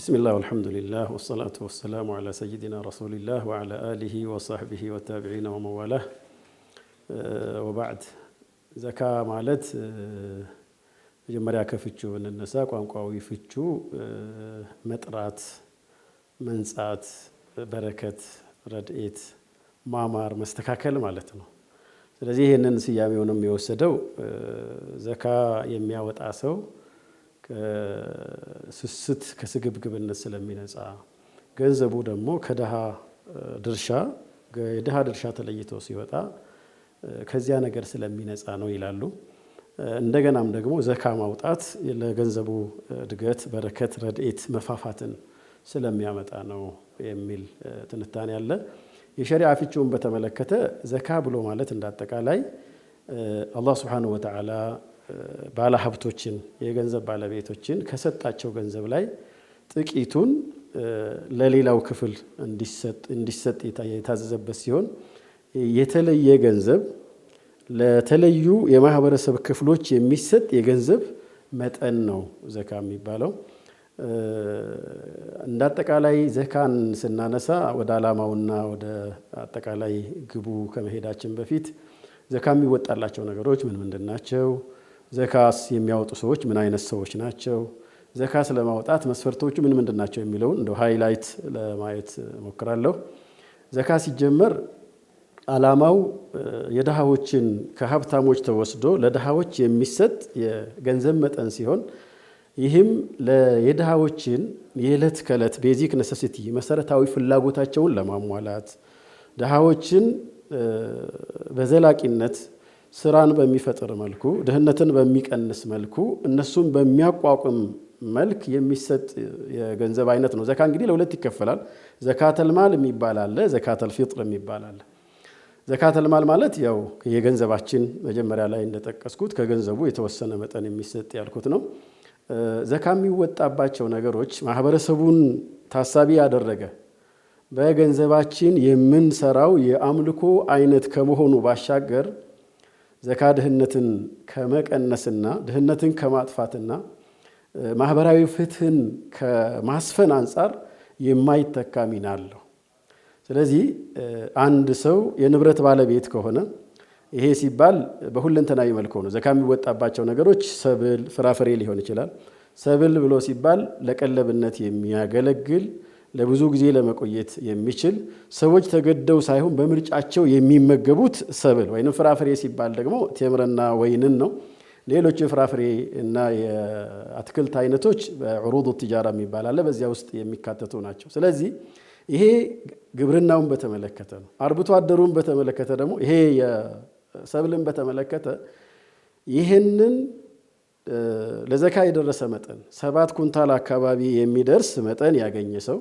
ቢስሚላህ አልሐምዱሊላህ ወሰላቱ ወሰላሙ አላ ሰይድና ረሱሊላህ ወአላ አሊሂ ወሳህቢሂ ወታቢዒና ወመዋላህ ወባዕድ። ዘካ ማለት eh, መጀመሪያ ከፍቹ ብንነሳ ቋንቋዊ ፍቹ eh, መጥራት፣ መንጻት፣ በረከት፣ ረድኤት፣ ማማር፣ መስተካከል ማለት ነው። ስለዚህ ይህንን ስያሜውንም የወሰደው eh, ዘካ የሚያወጣ ሰው ስስት ከስግብግብነት ስለሚነጻ ገንዘቡ ደግሞ ከድሃ ድርሻ የድሃ ድርሻ ተለይቶ ሲወጣ ከዚያ ነገር ስለሚነጻ ነው ይላሉ። እንደገናም ደግሞ ዘካ ማውጣት ለገንዘቡ እድገት፣ በረከት፣ ረድኤት መፋፋትን ስለሚያመጣ ነው የሚል ትንታኔ አለ። የሸሪዓ ፍቺውን በተመለከተ ዘካ ብሎ ማለት እንዳጠቃላይ አላህ ሱብሓነሁ ወተዓላ ባለሀብቶችን የገንዘብ ባለቤቶችን ከሰጣቸው ገንዘብ ላይ ጥቂቱን ለሌላው ክፍል እንዲሰጥ የታዘዘበት ሲሆን የተለየ ገንዘብ ለተለዩ የማህበረሰብ ክፍሎች የሚሰጥ የገንዘብ መጠን ነው ዘካ የሚባለው። እንደ አጠቃላይ ዘካን ስናነሳ ወደ ዓላማውና ወደ አጠቃላይ ግቡ ከመሄዳችን በፊት ዘካ የሚወጣላቸው ነገሮች ምን ምንድን ናቸው? ዘካስ የሚያወጡ ሰዎች ምን አይነት ሰዎች ናቸው? ዘካስ ለማውጣት መስፈርቶቹ ምን ምንድን ናቸው የሚለውን እንደ ሃይላይት ለማየት ሞክራለሁ። ዘካ ሲጀመር ዓላማው የድሃዎችን ከሀብታሞች ተወስዶ ለድሃዎች የሚሰጥ የገንዘብ መጠን ሲሆን ይህም የድሃዎችን የዕለት ከዕለት ቤዚክ ነሰሲቲ መሰረታዊ ፍላጎታቸውን ለማሟላት ድሃዎችን በዘላቂነት ስራን በሚፈጥር መልኩ ድህነትን በሚቀንስ መልኩ እነሱን በሚያቋቁም መልክ የሚሰጥ የገንዘብ አይነት ነው። ዘካ እንግዲህ ለሁለት ይከፈላል። ዘካተል ማል የሚባል አለ፣ ዘካተል ፊጥር የሚባል አለ። ዘካተል ማል ማለት ያው የገንዘባችን መጀመሪያ ላይ እንደጠቀስኩት ከገንዘቡ የተወሰነ መጠን የሚሰጥ ያልኩት ነው። ዘካ የሚወጣባቸው ነገሮች ማህበረሰቡን ታሳቢ ያደረገ በገንዘባችን የምንሰራው የአምልኮ አይነት ከመሆኑ ባሻገር ዘካ ድህነትን ከመቀነስና ድህነትን ከማጥፋትና ማህበራዊ ፍትህን ከማስፈን አንጻር የማይተካ ሚና አለው። ስለዚህ አንድ ሰው የንብረት ባለቤት ከሆነ ይሄ ሲባል በሁለንተናዊ መልኩ ነው። ዘካ የሚወጣባቸው ነገሮች ሰብል፣ ፍራፍሬ ሊሆን ይችላል። ሰብል ብሎ ሲባል ለቀለብነት የሚያገለግል ለብዙ ጊዜ ለመቆየት የሚችል ሰዎች ተገደው ሳይሆን በምርጫቸው የሚመገቡት ሰብል ወይም ፍራፍሬ ሲባል ደግሞ ቴምርና ወይንን ነው። ሌሎች የፍራፍሬ እና የአትክልት አይነቶች በዕሩዱ ትጃራ የሚባል አለ፣ በዚያ ውስጥ የሚካተቱ ናቸው። ስለዚህ ይሄ ግብርናውን በተመለከተ ነው። አርብቶ አደሩን በተመለከተ ደግሞ ይሄ የሰብልን በተመለከተ ይህንን ለዘካ የደረሰ መጠን ሰባት ኩንታል አካባቢ የሚደርስ መጠን ያገኘ ሰው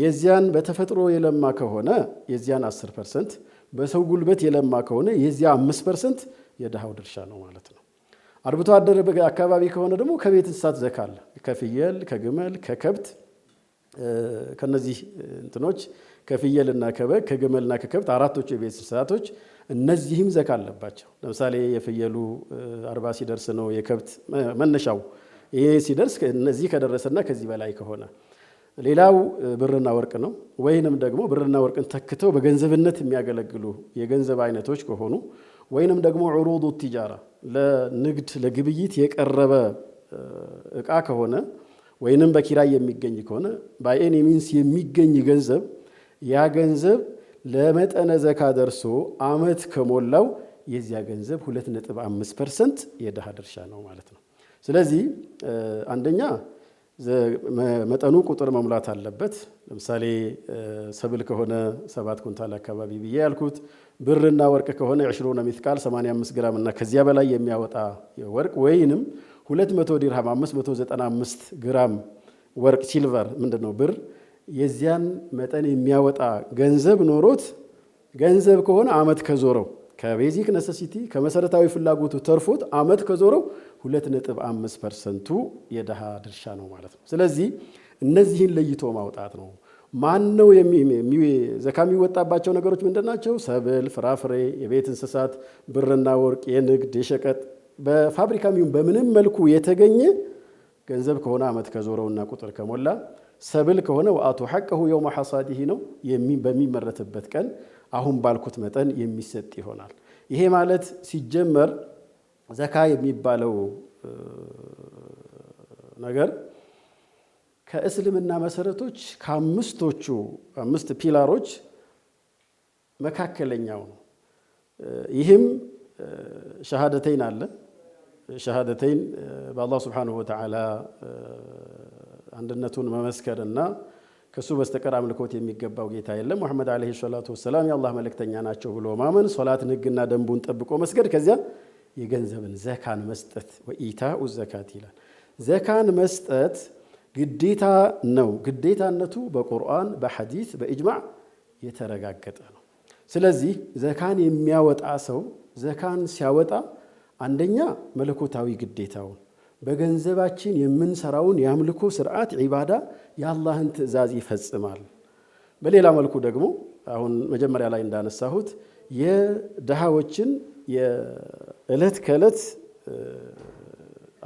የዚያን በተፈጥሮ የለማ ከሆነ የዚያን 10 ፐርሰንት፣ በሰው ጉልበት የለማ ከሆነ የዚያ 5 ፐርሰንት የድሃው ድርሻ ነው ማለት ነው። አርብቶ አደር አካባቢ ከሆነ ደግሞ ከቤት እንስሳት ዘካ አለ። ከፍየል፣ ከግመል፣ ከከብት ከነዚህ እንትኖች ከፍየልና ከበግ ከግመልና ከከብት አራቶቹ የቤት እንስሳቶች እነዚህም ዘካ አለባቸው። ለምሳሌ የፍየሉ አርባ ሲደርስ ነው የከብት መነሻው። ይሄ ሲደርስ እነዚህ ከደረሰና ከዚህ በላይ ከሆነ ሌላው ብርና ወርቅ ነው። ወይንም ደግሞ ብርና ወርቅን ተክተው በገንዘብነት የሚያገለግሉ የገንዘብ አይነቶች ከሆኑ ወይንም ደግሞ ዕሩዱ ቲጃራ ለንግድ ለግብይት የቀረበ እቃ ከሆነ ወይንም በኪራይ የሚገኝ ከሆነ ባይኤኒ ሚንስ የሚገኝ ገንዘብ ያ ገንዘብ ለመጠነ ዘካ ደርሶ አመት ከሞላው የዚያ ገንዘብ 2.5 ፐርሰንት የድሃ ድርሻ ነው ማለት ነው። ስለዚህ አንደኛ መጠኑ ቁጥር መሙላት አለበት። ለምሳሌ ሰብል ከሆነ ሰባት ኩንታል አካባቢ ብዬ ያልኩት ብርና ወርቅ ከሆነ ዕሽሩነ ቃል 85 ግራም እና ከዚያ በላይ የሚያወጣ ወርቅ ወይንም 200 ዲርሃም 595 ግራም ወርቅ ሲልቨር ምንድን ነው ብር የዚያን መጠን የሚያወጣ ገንዘብ ኖሮት ገንዘብ ከሆነ አመት ከዞረው ከቤዚክ ነሰሲቲ ከመሰረታዊ ፍላጎቱ ተርፎት አመት ከዞረው 25 ነጥብ ፐርሰንቱ የድሃ ድርሻ ነው ማለት ነው። ስለዚህ እነዚህን ለይቶ ማውጣት ነው። ማን ነው ዘካ የሚወጣባቸው ነገሮች ምንድን ናቸው? ሰብል፣ ፍራፍሬ፣ የቤት እንስሳት፣ ብርና ወርቅ፣ የንግድ የሸቀጥ በፋብሪካ ሚሆን በምንም መልኩ የተገኘ ገንዘብ ከሆነ አመት ከዞረውና ቁጥር ከሞላ ሰብል ከሆነ ወአቱ ሐቀሁ የውመ ሐሳዲሂ ነው በሚመረትበት ቀን አሁን ባልኩት መጠን የሚሰጥ ይሆናል። ይሄ ማለት ሲጀመር ዘካ የሚባለው ነገር ከእስልምና መሰረቶች ከአምስቶቹ አምስት ፒላሮች መካከለኛው ነው። ይህም ሸሃደተይን አለ። ሸሃደተይን በአላህ ስብሓነሁ ወተዓላ አንድነቱን መመስከርና ከሱ በስተቀር አምልኮት የሚገባው ጌታ የለም። ሙሐመድ ዓለይሂ ሰላቱ ወሰላም የአላህ መልእክተኛ ናቸው ብሎ ማመን፣ ሶላትን ህግና ደንቡን ጠብቆ መስገድ፣ ከዚያ የገንዘብን ዘካን መስጠት ወኢታኡ ዘካት ይላል። ዘካን መስጠት ግዴታ ነው። ግዴታነቱ በቁርአን በሐዲስ በእጅማዕ የተረጋገጠ ነው። ስለዚህ ዘካን የሚያወጣ ሰው ዘካን ሲያወጣ አንደኛ መለኮታዊ ግዴታውን በገንዘባችን የምንሰራውን የአምልኮ ስርዓት ዒባዳ የአላህን ትእዛዝ ይፈጽማል። በሌላ መልኩ ደግሞ አሁን መጀመሪያ ላይ እንዳነሳሁት የድሃዎችን የዕለት ከዕለት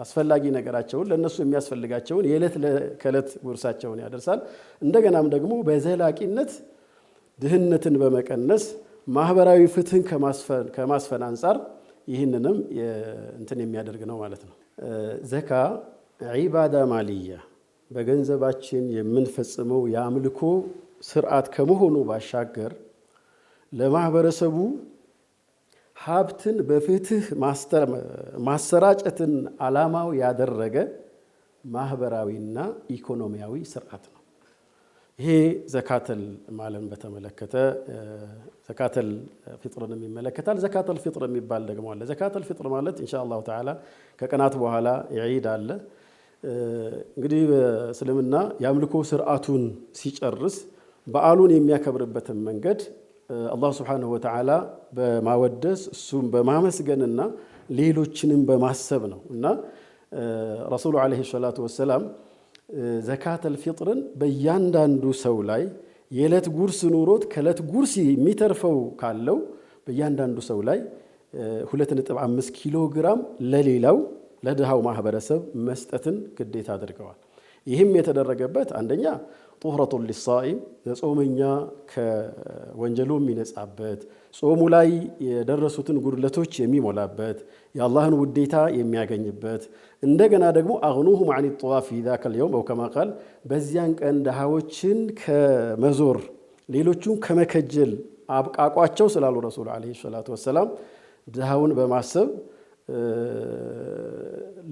አስፈላጊ ነገራቸውን ለእነሱ የሚያስፈልጋቸውን የዕለት ከዕለት ጉርሳቸውን ያደርሳል። እንደገናም ደግሞ በዘላቂነት ድህነትን በመቀነስ ማህበራዊ ፍትህን ከማስፈን አንጻር ይህንንም እንትን የሚያደርግ ነው ማለት ነው። ዘካ ዒባዳ ማልያ በገንዘባችን የምንፈጽመው የአምልኮ ስርዓት ከመሆኑ ባሻገር ለማህበረሰቡ ሀብትን በፍትህ ማሰራጨትን ዓላማው ያደረገ ማህበራዊና ኢኮኖሚያዊ ስርዓት ነው። ይሄ ዘካተል ማለን በተመለከተ ዘካተል ፊጥርንም ይመለከታል። ዘካተል ፊጥር የሚባል ደግሞ አለ። ዘካተል ፊጥር ማለት ኢንሻ አላሁ ተዓላ ከቀናት በኋላ ዒድ አለ። እንግዲህ በእስልምና የአምልኮ ስርዓቱን ሲጨርስ በዓሉን የሚያከብርበትን መንገድ አላህ ስብሓነሁ ወተዓላ በማወደስ እሱም በማመስገንና ሌሎችንም በማሰብ ነው እና ረሱሉ ዓለይሂ ሰላቱ ወሰላም ዘካተል ፊጥርን በእያንዳንዱ ሰው ላይ የዕለት ጉርስ ኑሮት ከዕለት ጉርስ የሚተርፈው ካለው በእያንዳንዱ ሰው ላይ 2.5 ኪሎ ግራም ለሌላው ለድሃው ማህበረሰብ መስጠትን ግዴታ አድርገዋል። ይህም የተደረገበት አንደኛ ጡሁረቱን ሊሳኢም የጾመኛ ከወንጀሉ የሚነጻበት ጾሙ ላይ የደረሱትን ጉድለቶች የሚሞላበት የአላህን ውዴታ የሚያገኝበት እንደገና ደግሞ አግኑሁም አን ጠዋፍ ዛከ ልየውም አው ከማ ቃል በዚያን ቀን ድሃዎችን ከመዞር ሌሎቹን ከመከጀል አብቃቋቸው ስላሉ ረሱሉ ዓለይሂ ሰላቱ ወሰላም ድሃውን በማሰብ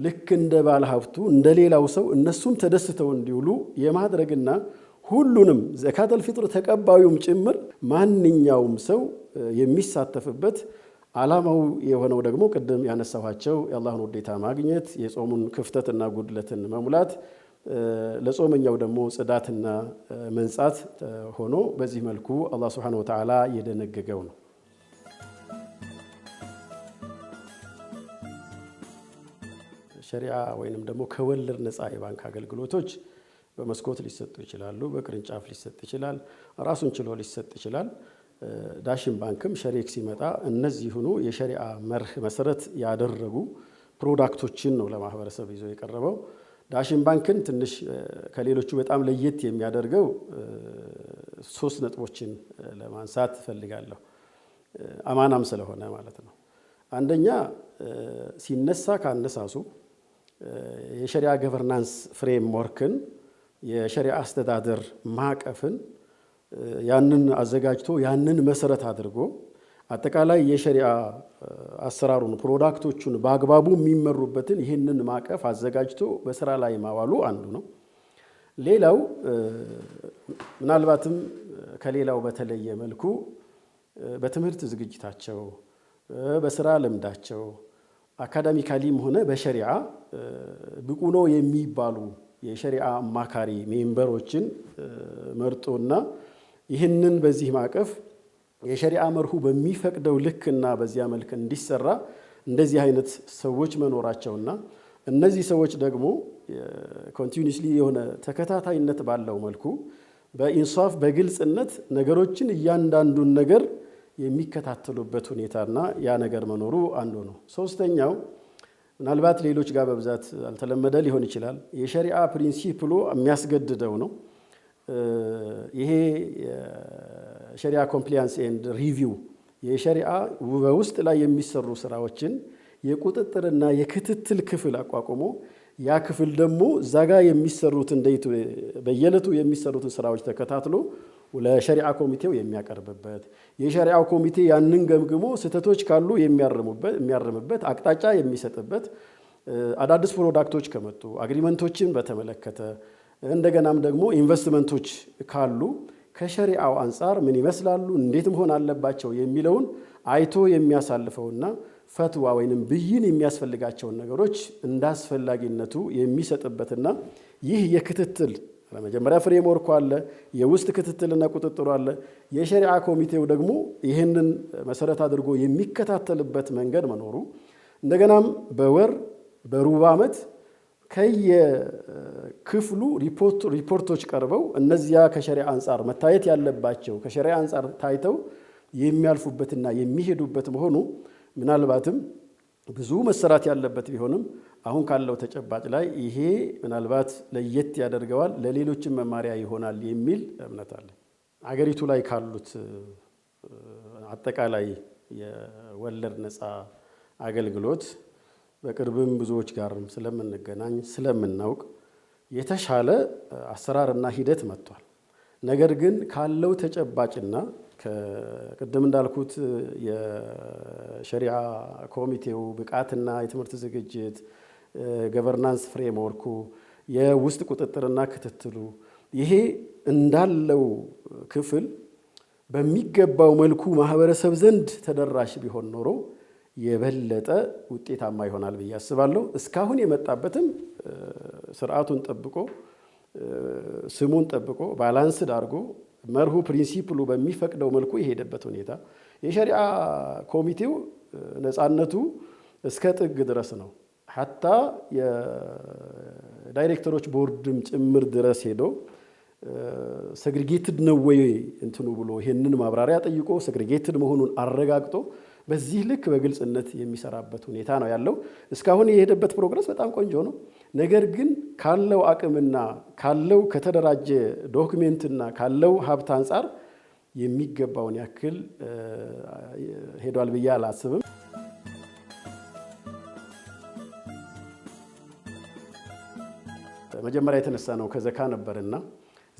ልክ እንደ ባለ ሀብቱ እንደ ሌላው ሰው እነሱም ተደስተው እንዲውሉ የማድረግና ሁሉንም ዘካተል ፊጥር ተቀባዩም ጭምር ማንኛውም ሰው የሚሳተፍበት ዓላማው የሆነው ደግሞ ቅድም ያነሳኋቸው የአላህን ውዴታ ማግኘት፣ የጾሙን ክፍተትና ጉድለትን መሙላት፣ ለጾመኛው ደግሞ ጽዳትና መንጻት ሆኖ በዚህ መልኩ አላህ ስብሐነሁ ወተዓላ የደነገገው ነው። ሸሪዓ ወይንም ደግሞ ከወለድ ነፃ የባንክ አገልግሎቶች በመስኮት ሊሰጡ ይችላሉ። በቅርንጫፍ ሊሰጥ ይችላል። ራሱን ችሎ ሊሰጥ ይችላል። ዳሽን ባንክም ሸሪክ ሲመጣ እነዚህ ሁኑ የሸሪዓ መርህ መሰረት ያደረጉ ፕሮዳክቶችን ነው ለማህበረሰብ ይዞ የቀረበው። ዳሽን ባንክን ትንሽ ከሌሎቹ በጣም ለየት የሚያደርገው ሶስት ነጥቦችን ለማንሳት እፈልጋለሁ። አማናም ስለሆነ ማለት ነው። አንደኛ ሲነሳ ካነሳሱ የሸሪያ ገቨርናንስ ፍሬምወርክን የሸሪያ አስተዳደር ማዕቀፍን ያንን አዘጋጅቶ ያንን መሰረት አድርጎ አጠቃላይ የሸሪያ አሰራሩን ፕሮዳክቶቹን በአግባቡ የሚመሩበትን ይህንን ማዕቀፍ አዘጋጅቶ በስራ ላይ ማዋሉ አንዱ ነው። ሌላው ምናልባትም ከሌላው በተለየ መልኩ በትምህርት ዝግጅታቸው፣ በስራ ልምዳቸው አካዳሚካሊም ሆነ በሸሪዓ ብቁ ነው የሚባሉ የሸሪዓ አማካሪ ሜምበሮችን መርጦና ይህንን በዚህ ማዕቀፍ የሸሪዓ መርሁ በሚፈቅደው ልክና በዚያ መልክ እንዲሰራ እንደዚህ አይነት ሰዎች መኖራቸውና እነዚህ ሰዎች ደግሞ ኮንቲኒስሊ የሆነ ተከታታይነት ባለው መልኩ በኢንሳፍ በግልጽነት ነገሮችን እያንዳንዱን ነገር የሚከታተሉበት ሁኔታና ያ ነገር መኖሩ አንዱ ነው። ሶስተኛው ምናልባት ሌሎች ጋር በብዛት አልተለመደ ሊሆን ይችላል። የሸሪዓ ፕሪንሲፕሉ የሚያስገድደው ነው። ይሄ የሸሪዓ ኮምፕሊያንስ ኤንድ ሪቪው የሸሪዓ በውስጥ ላይ የሚሰሩ ስራዎችን የቁጥጥርና የክትትል ክፍል አቋቁሞ ያ ክፍል ደግሞ እዛ የሚሰሩት የሚሰሩትን በየለቱ የሚሰሩትን ስራዎች ተከታትሎ ለሸሪዓ ኮሚቴው የሚያቀርብበት የሸሪዓ ኮሚቴ ያንን ገምግሞ ስህተቶች ካሉ የሚያርምበት አቅጣጫ የሚሰጥበት አዳዲስ ፕሮዳክቶች ከመጡ አግሪመንቶችን በተመለከተ እንደገናም ደግሞ ኢንቨስትመንቶች ካሉ ከሸሪዓው አንጻር ምን ይመስላሉ፣ እንዴት መሆን አለባቸው የሚለውን አይቶ የሚያሳልፈውና ፈትዋ ወይንም ብይን የሚያስፈልጋቸውን ነገሮች እንዳስፈላጊነቱ የሚሰጥበትና ይህ የክትትል መጀመሪያ ፍሬምወርኩ አለ፣ የውስጥ ክትትልና ቁጥጥሩ አለ። የሸሪዓ ኮሚቴው ደግሞ ይህንን መሰረት አድርጎ የሚከታተልበት መንገድ መኖሩ እንደገናም በወር በሩብ ዓመት ከየክፍሉ ሪፖርቶች ቀርበው እነዚያ ከሸሪዓ አንጻር መታየት ያለባቸው ከሸሪዓ አንጻር ታይተው የሚያልፉበትና የሚሄዱበት መሆኑ ምናልባትም ብዙ መሰራት ያለበት ቢሆንም አሁን ካለው ተጨባጭ ላይ ይሄ ምናልባት ለየት ያደርገዋል፣ ለሌሎችም መማሪያ ይሆናል የሚል እምነት አለ። አገሪቱ ላይ ካሉት አጠቃላይ የወለድ ነፃ አገልግሎት በቅርብም ብዙዎች ጋርም ስለምንገናኝ ስለምናውቅ የተሻለ አሰራርና ሂደት መጥቷል። ነገር ግን ካለው ተጨባጭና ቅድም እንዳልኩት የሸሪዓ ኮሚቴው ብቃትና የትምህርት ዝግጅት፣ ገቨርናንስ ፍሬምወርኩ፣ የውስጥ ቁጥጥርና ክትትሉ ይሄ እንዳለው ክፍል በሚገባው መልኩ ማህበረሰብ ዘንድ ተደራሽ ቢሆን ኖሮ የበለጠ ውጤታማ ይሆናል ብዬ አስባለሁ። እስካሁን የመጣበትም ስርዓቱን ጠብቆ ስሙን ጠብቆ ባላንስድ አድርጎ መርሁ ፕሪንሲፕሉ በሚፈቅደው መልኩ የሄደበት ሁኔታ የሸሪዓ ኮሚቴው ነፃነቱ እስከ ጥግ ድረስ ነው። ሐታ የዳይሬክተሮች ቦርድም ጭምር ድረስ ሄዶ ሰግሪጌትድ ነው ወይ እንትኑ ብሎ ይህንን ማብራሪያ ጠይቆ ሰግሪጌትድ መሆኑን አረጋግጦ በዚህ ልክ በግልጽነት የሚሰራበት ሁኔታ ነው ያለው። እስካሁን የሄደበት ፕሮግረስ በጣም ቆንጆ ነው። ነገር ግን ካለው አቅምና ካለው ከተደራጀ ዶክሜንትና ካለው ሀብት አንጻር የሚገባውን ያክል ሄዷል ብዬ አላስብም። መጀመሪያ የተነሳ ነው ከዘካ ነበርና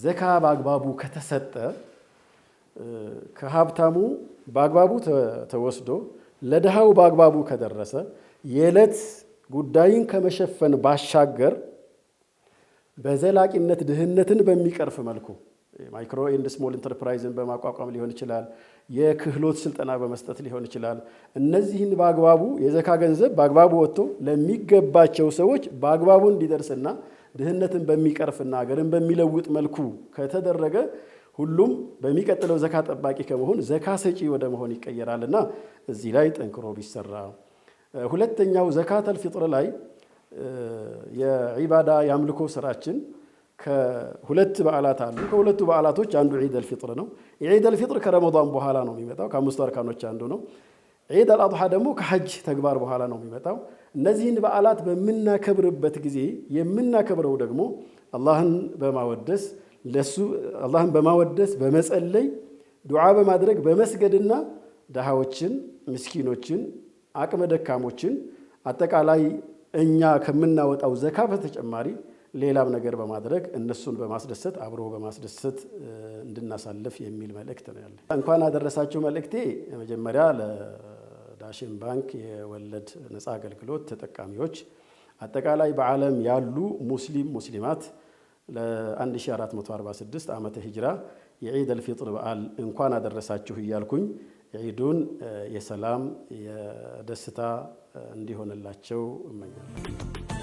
ዘካ በአግባቡ ከተሰጠ ከሀብታሙ በአግባቡ ተወስዶ ለድሃው በአግባቡ ከደረሰ የዕለት ጉዳይን ከመሸፈን ባሻገር በዘላቂነት ድህነትን በሚቀርፍ መልኩ ማይክሮ ኤንድ ስሞል ኢንተርፕራይዝን በማቋቋም ሊሆን ይችላል። የክህሎት ስልጠና በመስጠት ሊሆን ይችላል። እነዚህን በአግባቡ የዘካ ገንዘብ በአግባቡ ወጥቶ ለሚገባቸው ሰዎች በአግባቡ እንዲደርስና ድህነትን በሚቀርፍና ሀገርን በሚለውጥ መልኩ ከተደረገ ሁሉም በሚቀጥለው ዘካ ጠባቂ ከመሆን ዘካ ሰጪ ወደ መሆን ይቀየራልና እዚህ ላይ ጠንክሮ ቢሰራ። ሁለተኛው ዘካተል ፊጥር ላይ የዒባዳ የአምልኮ ስራችን ከሁለት በዓላት አሉ። ከሁለቱ በዓላቶች አንዱ ዒድ አልፊጥር ነው። ዒድ አልፊጥር ከረመዳን በኋላ ነው የሚመጣው፣ ከአምስቱ አርካኖች አንዱ ነው። ዒድ አልአድሓ ደግሞ ከሐጅ ተግባር በኋላ ነው የሚመጣው። እነዚህን በዓላት በምናከብርበት ጊዜ የምናከብረው ደግሞ አላህን በማወደስ ለሱ አላህን በማወደስ በመጸለይ ዱዓ በማድረግ በመስገድና ድሃዎችን፣ ምስኪኖችን፣ አቅመ ደካሞችን አጠቃላይ እኛ ከምናወጣው ዘካ በተጨማሪ ሌላም ነገር በማድረግ እነሱን በማስደሰት አብሮ በማስደሰት እንድናሳልፍ የሚል መልእክት ነው ያለ። እንኳን አደረሳችሁ መልእክቴ መጀመሪያ ለዳሽን ባንክ የወለድ ነፃ አገልግሎት ተጠቃሚዎች፣ አጠቃላይ በዓለም ያሉ ሙስሊም ሙስሊማት ለ1446 ዓመተ ሂጅራ የዒድ አልፊጥር በዓል እንኳን አደረሳችሁ እያልኩኝ ዒዱን የሰላም የደስታ እንዲሆንላቸው እመኛለሁ።